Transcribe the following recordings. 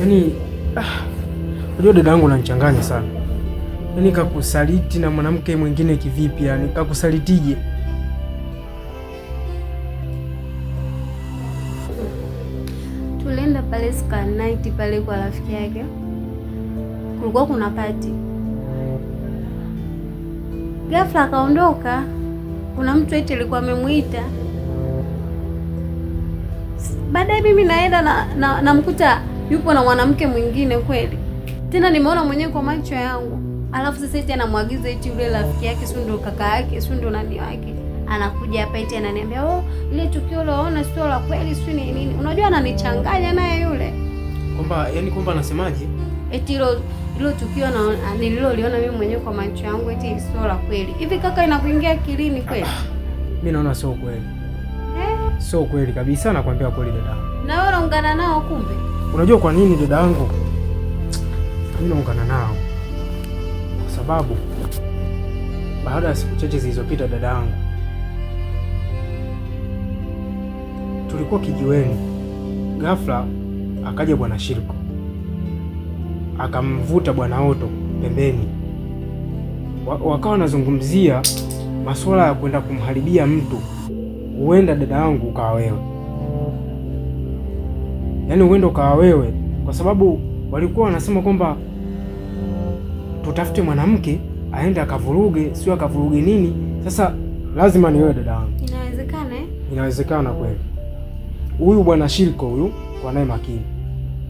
Yaani ah, unajua dada yangu unanichanganya sana. Yaani kakusaliti na mwanamke mwingine kivipi? Yaani kakusalitije? Tulienda pale siku night pale kwa rafiki yake, kulikuwa kuna pati, ghafla akaondoka. Kuna mtu eti alikuwa amemwita baadaye, mimi naenda namkuta na, na yupo na mwanamke mwingine kweli? Tena nimeona mwenyewe kwa macho yangu. Alafu sasa eti anamwagiza eti yule rafiki yake, si ndo kaka yake, si ndo nani wake, anakuja hapa eti ananiambia, oh, ile tukio uliona sio la kweli, si ni nini. Unajua ananichanganya naye yule kwamba, yani kwamba anasemaje eti hilo hilo tukio na nililoliona mimi mwenyewe kwa macho yangu eti sio la kweli. Hivi kaka, inakuingia kilini kweli? Ah, mimi naona sio kweli eh? Sio kweli kabisa, nakwambia kweli dada. Na wewe unaungana nao kumbe Unajua kwa nini dada yangu mimi naungana nao? Kwa sababu baada ya siku chache zilizopita, dada yangu tulikuwa kijiweni, ghafla akaja bwana Shirko akamvuta bwana Oto pembeni, wakawa wanazungumzia masuala ya kwenda kumharibia mtu, huenda dada yangu ukawa wewe yaani uende ukawa wewe, kwa sababu walikuwa wanasema kwamba tutafute mwanamke aende akavuruge, sio akavuruge nini. Sasa lazima ni wewe dada wangu. Inawezekana eh? Inawezekana kweli. Huyu bwana Shirko huyu kwa naye makini,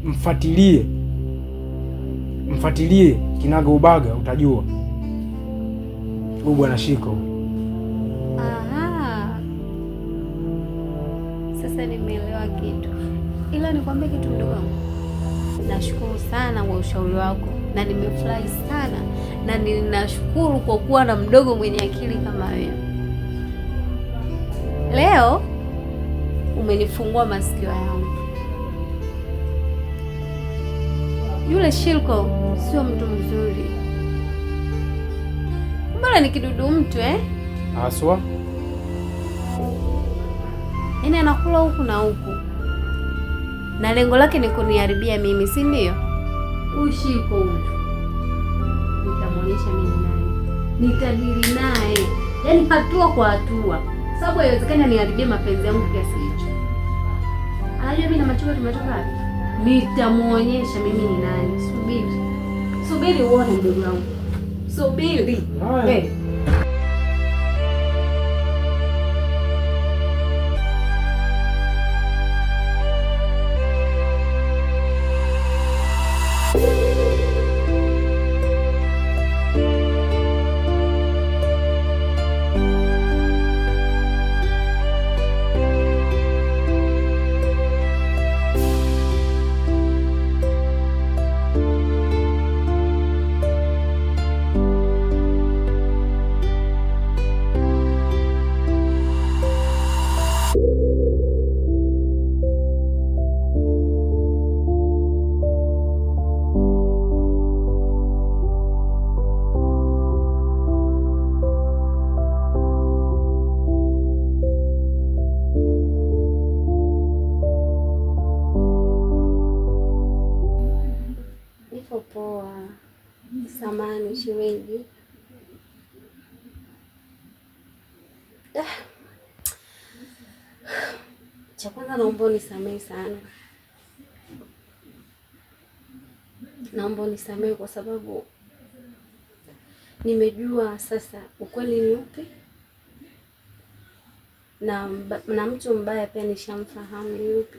mfuatilie, mfuatilie kinaga ubaga, utajua huyu bwana Shirko. Aha, sasa nimeelewa kitu ila nikwambie kitu mdogo, nashukuru sana kwa ushauri wako na nimefurahi sana na ninashukuru kwa kuwa na mdogo mwenye akili kama wewe. Leo umenifungua masikio yangu. Yule Shilko sio mtu mzuri, mbona ni kidudu mtu eh? Aswa, yaani anakula huku na huku na lengo lake ni kuniharibia mimi, si ndio? Ushiko huyo nitamwonyesha mimi naye nitadili naye, yani hatua kwa hatua, sababu haiwezekani aniharibie mapenzi yangu kiasi hicho. Anajua mimi na Machuga tumetoka wapi. Nitamwonyesha mimi ni nani. Subiri subiri uone, mdogo wangu, subiri. kwanza naomba unisamehe sana, naomba unisamehe kwa sababu nimejua sasa ukweli ni upi, na na mtu mbaya pia nishamfahamu ni upi.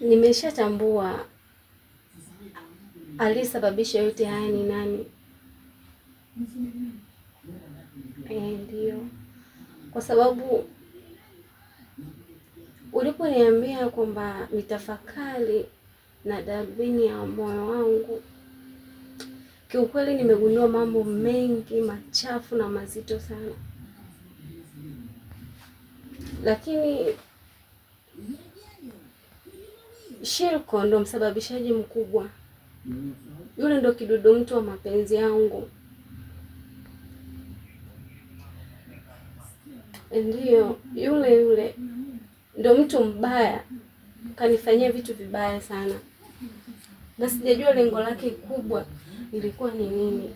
Nimeshatambua aliyesababisha yote haya ni nani. Eh, ndio, kwa sababu uliponiambia kwamba nitafakari na darubini ya moyo wangu, kiukweli nimegundua mambo mengi machafu na mazito sana, lakini Shirko ndo msababishaji mkubwa, yule ndo kidudu mtu wa mapenzi yangu. Ndiyo, yule yule ndo mtu mbaya, kanifanyia vitu vibaya sana, na sijajua lengo lake kubwa ilikuwa ni nini.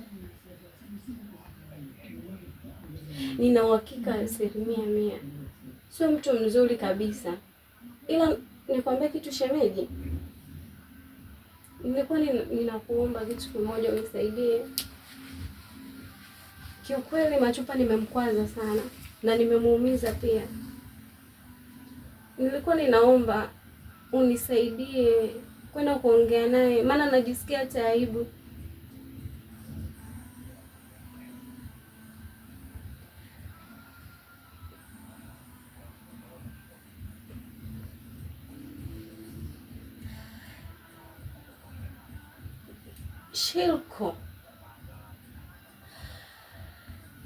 Nina uhakika asilimia mia sio mtu mzuri kabisa, ila nikwambia kitu shemeji, nilikuwa ninakuomba kitu kimoja, unisaidie. Kiukweli Machupa nimemkwaza sana na nimemuumiza pia. Nilikuwa ninaomba unisaidie kwenda kuongea naye, maana najisikia hata aibu. Shilko.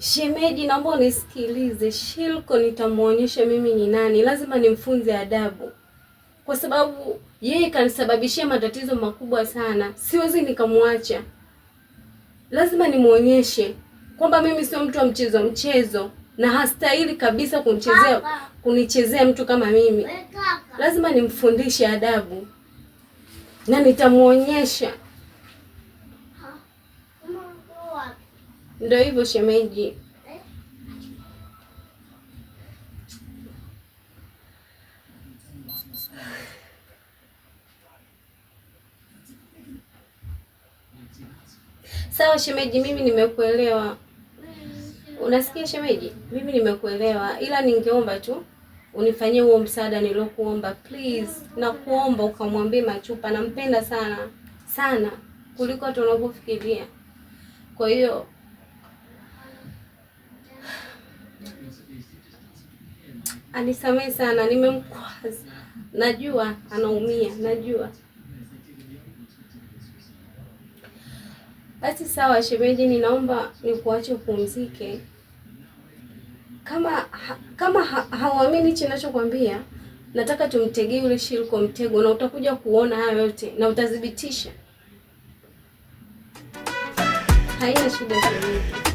Shemeji, naomba unisikilize, Shilko nitamwonyesha mimi ni nani, lazima nimfunze adabu, kwa sababu yeye kanisababishia matatizo makubwa sana, siwezi nikamwacha. Lazima nimwonyeshe kwamba mimi sio mtu wa mchezo mchezo, na hastahili kabisa kumchezea kunichezea mtu kama mimi. Lazima nimfundishe adabu na nitamwonyesha Ndio hivyo shemeji. Sawa shemeji, mimi nimekuelewa. Unasikia shemeji, mimi nimekuelewa, ila ningeomba tu unifanyie huo msaada niliokuomba, please. Nakuomba ukamwambie Machupa nampenda sana sana kuliko hata unavyofikiria, kwa hiyo anisamehe sana, nimemkwaza, najua anaumia, najua. Basi sawa shemeji, ninaomba nikuache upumzike. Kama ha, kama ha, hauamini hichi ninachokwambia, nataka tumtegee yule shiriko mtego, na utakuja kuona hayo yote na utathibitisha. Haina shida shemeji.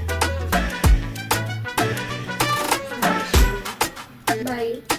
Bye.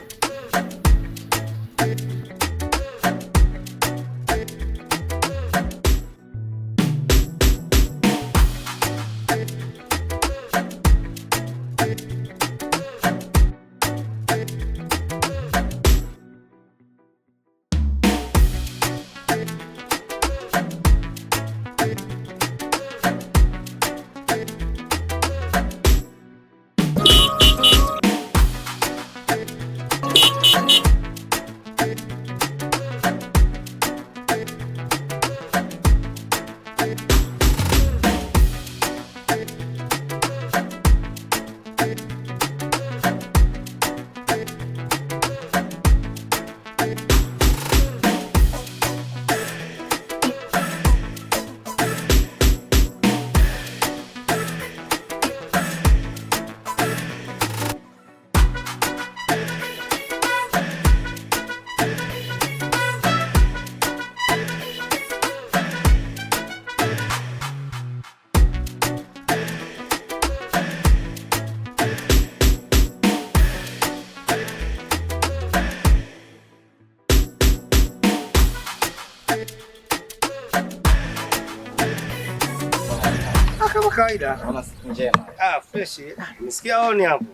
kawaida. Ah, fresh. Nisikia oni hapo.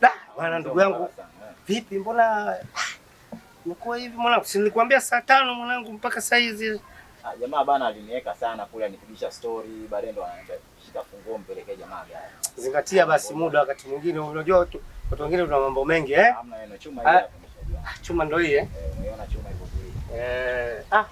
Da, bwana ndugu yangu. Vipi mbona nikuwa hivi mwanangu? Si nilikwambia saa tano mwanangu mpaka saa hizi. Ah, jamaa bana aliniweka sana kule anipigisha story, baadaye ndo anaenda kushika funguo mpelekea jamaa gari. Zingatia basi muda, wakati mwingine unajua watu watu wengine tuna mambo mengi eh? Hamna neno chuma hii. Ah, chuma ndio hii eh? Eh, unaona chuma hivyo. Eh. Ah.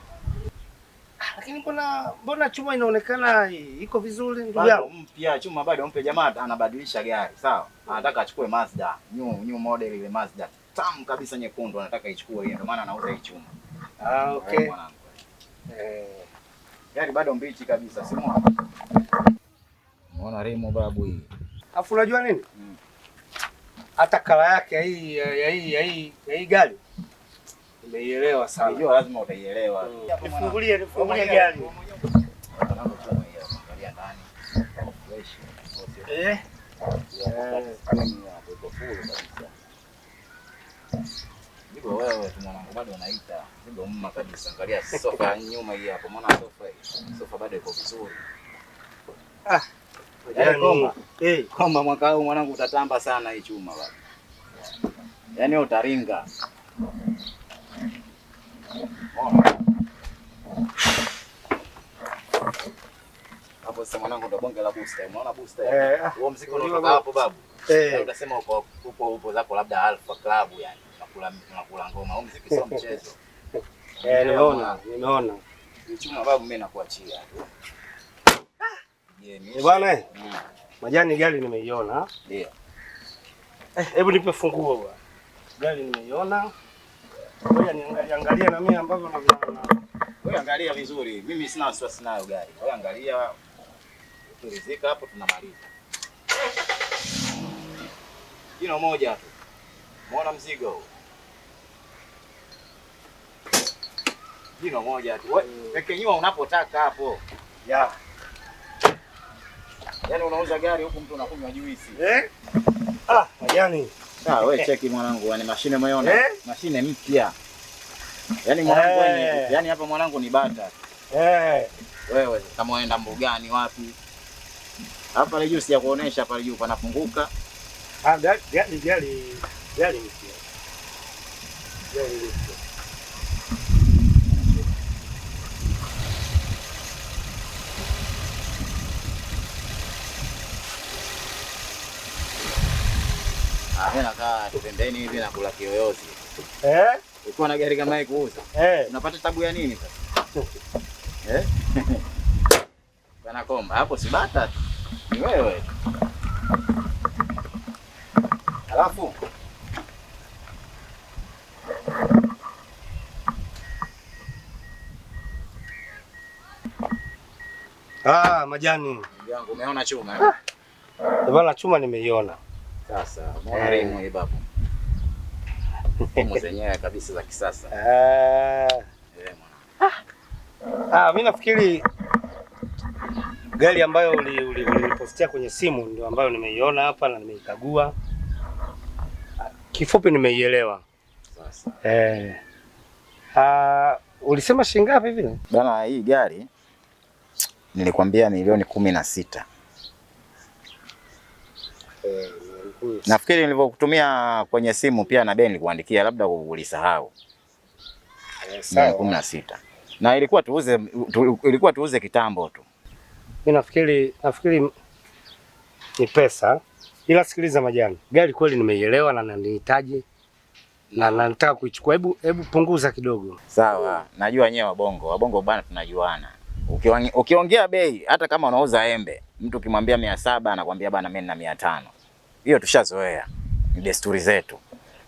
Lakini mbona mbona chuma inaonekana iko vizuri ndugu yangu? Mpya chuma bado mpe jamaa anabadilisha gari, sawa? Anataka achukue Mazda, new new model ile Mazda. Tamu kabisa nyekundu anataka ichukue hiyo, ndio maana anauza hii chuma. Ah, eh, okay. Eh. Gari bado mbichi kabisa, si mwa. Unaona Remo babu hii. Afu unajua nini? Mm. Hata kala yake hii ya hii ya hii gari Umeielewa sana. Unajua lazima utaielewa. Mm. Nifungulie, nifungulie gari. Eh? Koma. mwaka huu mwanangu utatamba sana hii chuma Yaani utaringa. Hapo sasa mwanangu, ndo bonge la booster. booster eh, ah, huo mziki hapo babu, eh. uko uko upo zako labda Alpha Club, yani unakula unakula ngoma. Huo mziki sio mchezo. Eh, nimeona nimeona babu, mimi nakuachia ah! eh, bwana. Mm. Majani gari nimeiona, hebu nipe funguo bwana, gari nimeiona. Ngoja niangalie na mimi ambavyo na wewe angalia vizuri. Mimi sina wasiwasi nayo gari. Wewe angalia turizika hapo tunamaliza. Jino moja tu. Muona mzigo huu. Jino moja tu. Weke unapotaka hapo. Ya. Yaani unauza gari huku mtu unakunywa juisi. Eh? Ah, majani. Sawa, wewe eh. cheki mwanangu, yani mashine umeona? Eh? Mashine mpya. Yaani mwanangu eh. Yaani hapa mwanangu ni bata. Eh. Wewe kama unaenda mbugani wapi? Hapa leo juu sija kuonesha pale juu panafunguka. Ah, gari gari gari mpya. Gari mpya. nakaa pembeni hivi na kula kiyoyozi. Eh? Ukiwa na gari kama hii kuuza. Eh. Unapata tabu ya nini sasa? Eh? Bana komba, hapo si tu. Ni wewe. Alafu Ah, majani. Ndugu yangu umeona chuma eh? Ah. Ndio chuma nimeiona. Sasa unaona rimu hii babu, fomu zenyewe kabisa za kisasa. Ah, eh, Ah, mimi nafikiri gari ambayo uli, ulinipostia kwenye simu ndio ambayo nimeiona hapa na nimeikagua, kifupi nimeielewa. eh, ah, ulisema shilingi ngapi hivi bana? Hii gari nilikwambia milioni kumi na sita. Eh. Nafikiri nilivyokutumia kwenye simu pia na bei kuandikia labda ulisahau. Eh, sawa. kumi na sita na ilikuwa tuuze, tu, ilikuwa tuuze kitambo tu. Mimi nafikiri nafikiri ni pesa, ila sikiliza Majani, gari kweli nimeielewa na nanihitaji na nataka kuichukua. Hebu hebu punguza kidogo. Sawa, najua nyewe wabongo wabongo bana, tunajuana. Ukiongea bei, hata kama unauza embe, mtu ukimwambia mia saba anakwambia bana, mimi nina mia tano hiyo tushazoea, ni desturi zetu.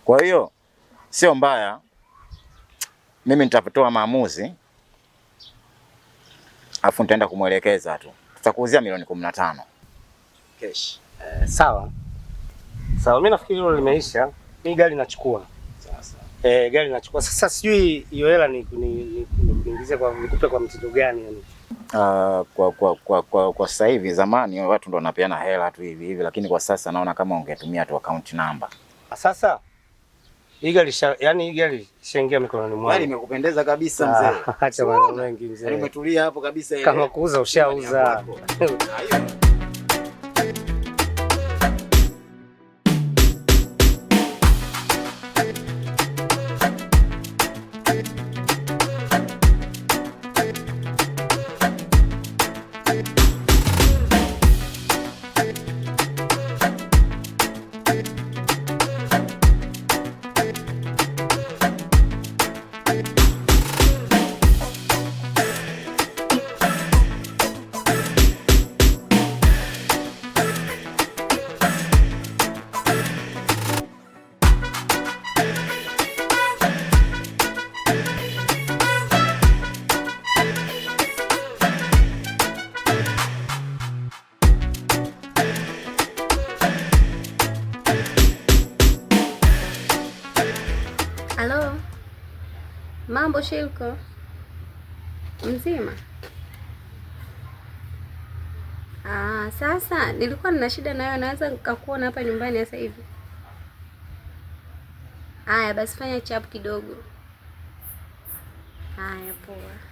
Kwa hiyo sio mbaya, mimi nitatoa maamuzi afu nitaenda kumwelekeza tu, tutakuuzia milioni kumi na tano Eh, sawa sawa, mimi nafikiri hilo limeisha. Mimi gari nachukua sasa. Eh, gari nachukua sasa, sijui hiyo hela ni, ni, kwa nikupe kwa mtindo gani yani? Uh, kwa, kwa, kwa, kwa, kwa sasa hivi, zamani watu ndo wanapeana hela tu hivi hivi, lakini kwa sasa naona kama ungetumia tu account number. Ah, sasa igali sha, yani, igali gari mikononi mwangu. Gari yaani imekupendeza kabisa ah, mzee. Acha maneno mengi mzee. Nimetulia yaani hapo kabisa. Kama yaani kuuza ushauza. shilko mzima? Aa, ah, sasa nilikuwa nina shida nayo, naweza nikakuona hapa nyumbani sasa hivi? Haya basi, fanya chap kidogo. Haya, poa.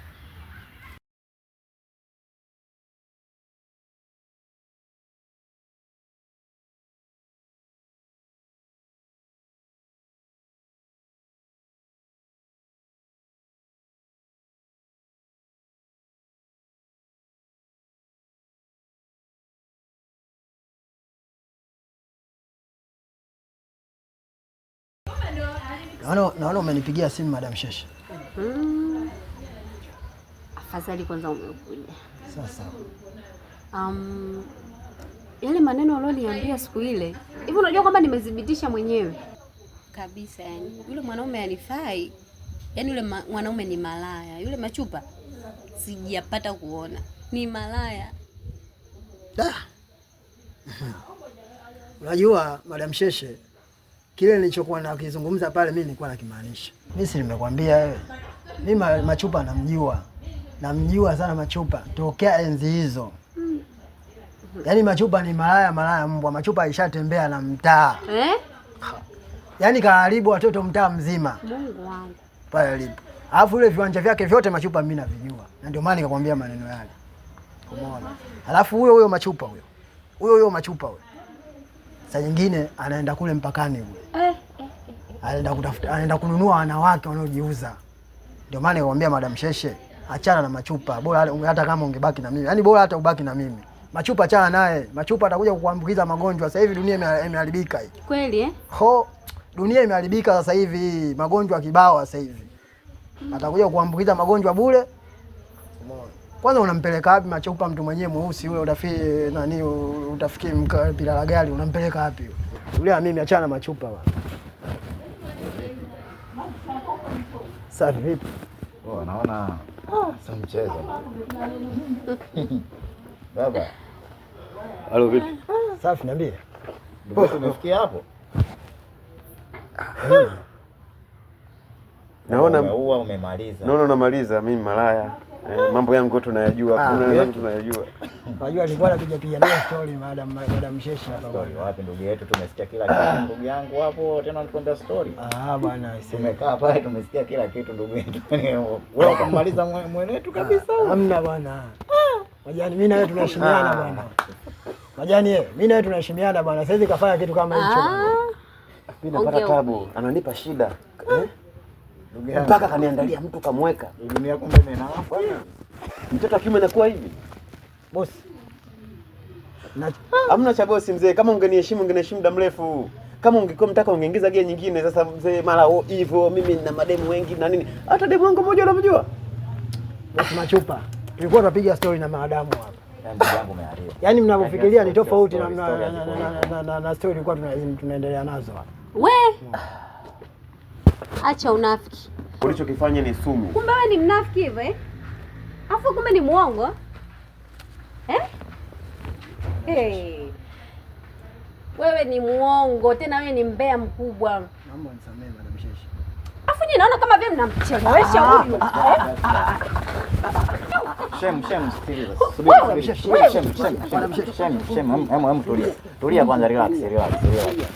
naona umenipigia simu Madam Shesha. Mm. Afadhali kwanza umekuja. Sasa. Um, yale maneno aliyoniambia siku ile hivi, unajua kwamba nimezibitisha mwenyewe kabisa, yani yule mwanaume anifai yani yule mwanaume ni malaya yule. Machupa sijapata kuona ni malaya. Unajua Madam Sheshe kile nilichokuwa nakizungumza pale, mimi nilikuwa nakimaanisha. Mimi si nimekwambia wewe, mimi Machupa namjua, namjua sana Machupa tokea enzi hizo. Yaani Machupa ni malaya, malaya mbwa. Machupa ishatembea na mtaa eh? Yaani kaharibu watoto mtaa mzima, Mungu wangu pale alipo. Alafu ile viwanja vyake vyote Machupa mimi navijua, na ndio maana nikakwambia maneno yale, umeona. Alafu huyo huyo Machupa huyo huyo huyo Machupa huyo saa nyingine anaenda kule mpakani kule eh, eh, eh, anaenda kutafuta, anaenda kununua wanawake wanaojiuza. Ndio maana nikwambia Madam Sheshe, achana na machupa, bora hata kama ungebaki na mimi, yaani bora hata ubaki na mimi. Machupa achana naye, machupa atakuja kukuambukiza magonjwa. Sasa hivi dunia imeharibika hii kweli eh? Ho, dunia imeharibika sasa hivi, magonjwa kibao sasa hivi, atakuja kukuambukiza magonjwa bure. Kwanza unampeleka wapi Machupa, mtu mwenyewe mweusi ule, utafi eh, nani, utafiki mpira la gari, unampeleka wapi ule? Mimi achana Machupa bwana. Safi vipi? Oh, naona ah. sasa mchezo baba. Halo, vipi? Safi, niambie. Ndio tumefikia hapo. Ah. Ah. Naona umeua, umemaliza. Naona unamaliza, mimi malaya Eh, mambo yangu tunayajua, ah, kuna yangu eh. tunayajua. Unajua alikuwa pia na story madam madam Shesha hapa. Story wapi ndugu yetu tumesikia kila kitu ah. ndugu yangu hapo tena nikwenda story. Ah bwana, tumekaa pale tumesikia kila kitu ndugu yetu. Wewe ukamaliza mwenetu kabisa. Ah, hamna bwana. Majani mimi na wewe tunaheshimiana bwana. Majani eh, mimi na wewe tunaheshimiana bwana. Sasa hivi kafanya kitu kama hicho. Mimi napata tabu, ananipa shida. Eh? mpaka kaniandalia mtu kamweka mtoto wa kiume anakuwa hivi bosi. Hamna cha bosi mzee, kama ungeniheshimu ungeniheshimu muda mrefu. Kama ungekuwa mtaka ungeingiza gia nyingine. Sasa mzee, mara hivyo mimi na mademu wengi na nini, hata demu wangu mmoja unamjua bosi Machupa, tulikuwa tunapiga story na maadamu hapa yaani mnavyofikiria ni tofauti na story tulikuwa tunaendelea nazo we hmm acha unafiki. Ulichokifanya ni sumu. Kumbe wewe ni mnafiki hivyo eh? Afu kumbe ni mwongo eh? Hey. Wewe ni mwongo tena, wewe ni mbea mkubwa. Naomba nisamehe madam Sheshi. Afu nyinyi naona kama vile mnamchelewesha ah, huyu. Ah, ah, eh? Shem, tulia. kwanza, relax, relax.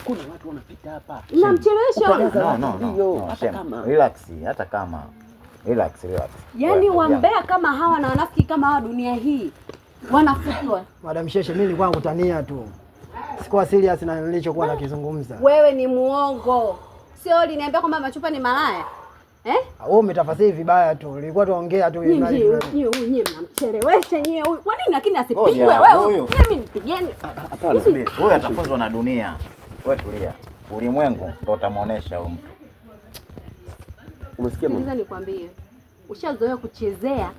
Kuna watu wanapita hapa. Namchelewesha. No, no, no. Relax, hata kama. Relax, relax. Yaani wambea kama hawa na wanafiki kama hawa dunia hii wanafukiwa. Madam Sheshe, mimi nilikuwa nakutania tu. Sikuwa serious na nilichokuwa ah, nakizungumza. Wewe ni muongo. Sio uliniambia kwamba machupa ni malaya. Eh? Ah, wewe umetafasiri vibaya tu. Nilikuwa tuongea tu yeye. Nyinyi huyu nyinyi mnamchelewesha nyinyi huyu. Kwa nini lakini asipigwe oh, wewe? Mimi nipigeni. Ah, ah, hapana. Wewe atafunzwa na dunia. Wewe tulia. Ulimwengu ndio utamuonesha huyu mtu. Umesikia mimi? Nikwambie. Ushazoea kuchezea.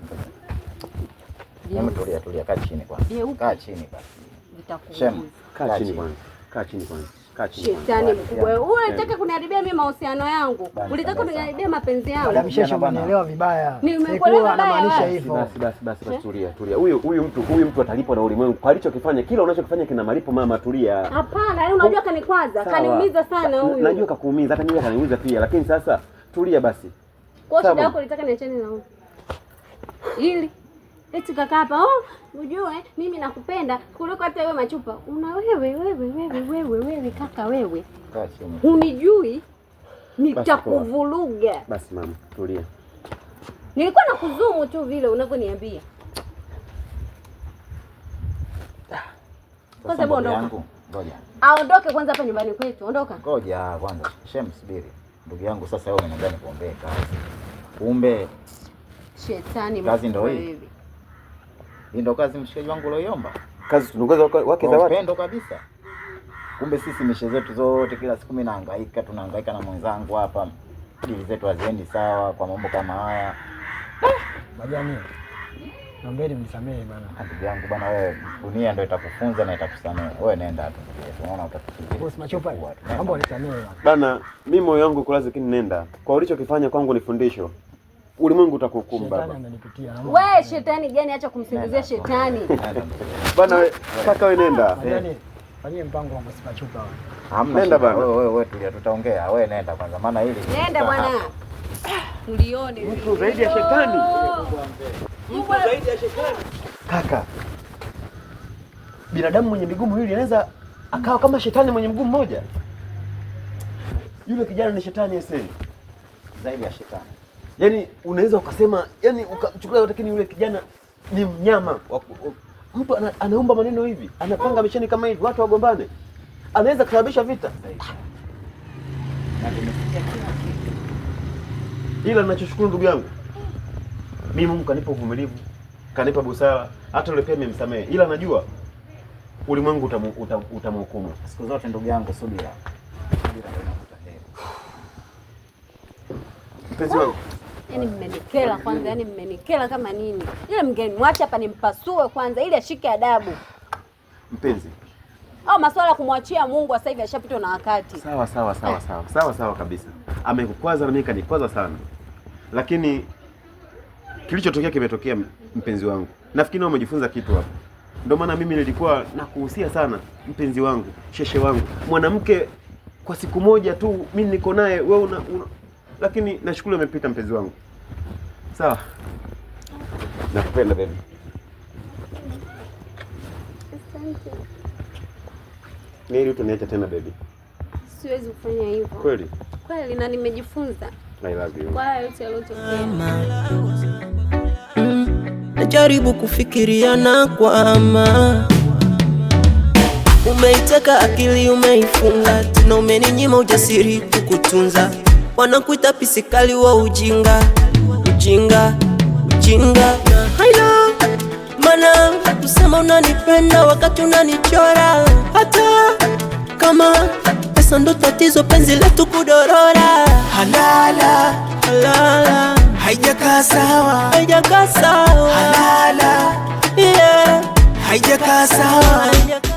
Hebu tulia tulia, kaa chini kwanza. Kaa chini basi. Nitakuuliza. Kaa chini kwanza. Kaa chini kwanza. Shetani mkubwa wewe, unataka kuniharibia mimi mahusiano yangu, ulitaka kuniharibia mapenzi yangu. Umeelewa vibaya, anamaanisha hivyo. Basi basi basi, eh? tulia tulia. Huyu huyu mtu huyu mtu atalipwa na ulimwengu kwa alichokifanya. Kila unachokifanya kina malipo, mama, tulia. Hapana, yeye yaani unajua kanikwaza, kaniumiza sana huyu. Najua kakuumiza, hata mimi kaniumiza pia, lakini sasa tulia basi. Kwa shida yako, ulitaka niachane na huyu ili Eti kaka hapa, oh, ujue eh, mimi nakupenda kuliko hata wewe Machupa. Una wewe wewe wewe wewe wewe kaka wewe. Unijui nitakuvuruga. Basi mama, tulia. Nilikuwa nakuzumu tu vile unavyoniambia. Kwa sababu ondoka. Ngoja. Aondoke kwanza hapa nyumbani kwetu. Ondoka. Ngoja kwanza. Shem, subiri. Ndugu yangu sasa wewe unaenda nikuombee kazi. Kumbe shetani kazi ndio hii. Ndio kazi mshikaji wangu ulioiomba, kazi tunaongeza wake za watu, upendo kabisa. Kumbe sisi mishe zetu zote kila siku mimi naangaika, tunahangaika na mwenzangu hapa, dili zetu haziendi sawa kwa mambo kama haya. Majani, naombeni mnisamehe bana. Ndugu yangu bana, wewe dunia ndio itakufunza na itakusamehe. Wewe nenda hapa, unaona utakufunza. Boss machopa, mambo nisamehe bana. Mimi moyo wangu kulazi, lakini nenda kwa ulichokifanya kwangu ni fundisho ulimwengu utakuhukumu baba. We shetani gani? Acha kumsingizia shetani bana. Kaka we nenda fanyie mpango wa kusipa chupa. Nenda bana, wewe tulia, tutaongea. We nenda kwanza, maana hili nenda bwana, tulione mtu zaidi ya shetani, mtu zaidi ya shetani. Kaka, binadamu mwenye miguu miwili anaweza akawa kama shetani mwenye mguu mmoja. Yule kijana ni shetani, ese zaidi ya shetani yani unaweza ukasema yani ukamchukulia lakini yule kijana ni mnyama. Mtu ana, anaumba maneno hivi, anapanga misheni kama hivi, watu wagombane, anaweza kusababisha vita. Ila ninachoshukuru ndugu yangu, mimi Mungu kanipa uvumilivu, kanipa busara, hata yule pia amemsamehe, ila najua ulimwengu utamhukumu siku zote. Ndugu yangu, subira, subira ndio Mpenzi wangu Yaani mmenikela kwanza, yaani mmenikela kama nini. mgeni mwache hapa nimpasue kwanza ili ashike adabu. Mpenzi. Au masuala ya kumwachia Mungu sasa hivi ashapitwa na wakati. Sawa sawa sawa sawa. Sawa sawa kabisa. Amekukwaza na mimi kanikwaza sana. Lakini kilichotokea kimetokea, mpenzi wangu. Nafikiri wewe umejifunza kitu hapa. Ndio maana mimi nilikuwa nakuhusia sana mpenzi wangu, sheshe wangu. Mwanamke kwa siku moja tu mimi niko naye wewe una, una lakini nashukuru amepita mpenzi wangu. Sawa, nakupenda baby. Asante. Mimi utaniacha tena baby. Siwezi kufanya hivyo. Kweli? Kweli na nimejifunza. I love you. Kwa yote yaliyotokea. Najaribu kufikiria na kwama. Umeiteka akili, umeifunga tena, umeninyima ujasiri kukutunza wanakuita pisikali wa ujinga ujinga ujinga na haina mana kusema unanipenda wakati unanichora, hata kama pesa ndo tatizo, penzi letu kudorora. Halala, halala, haijakaa sawa, haijakaa sawa, halala, yeah, haijakaa sawa, haijakaa